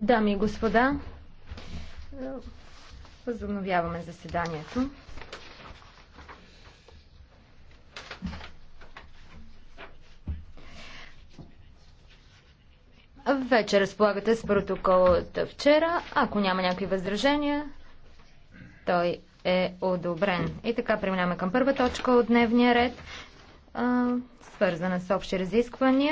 Дами и господа, възобновяваме заседанието. Вече разполагате с протокол от вчера. Ако няма някакви възражения, той е одобрен. И така преминаваме към първа точка от дневния ред, свързана с общи разисквания.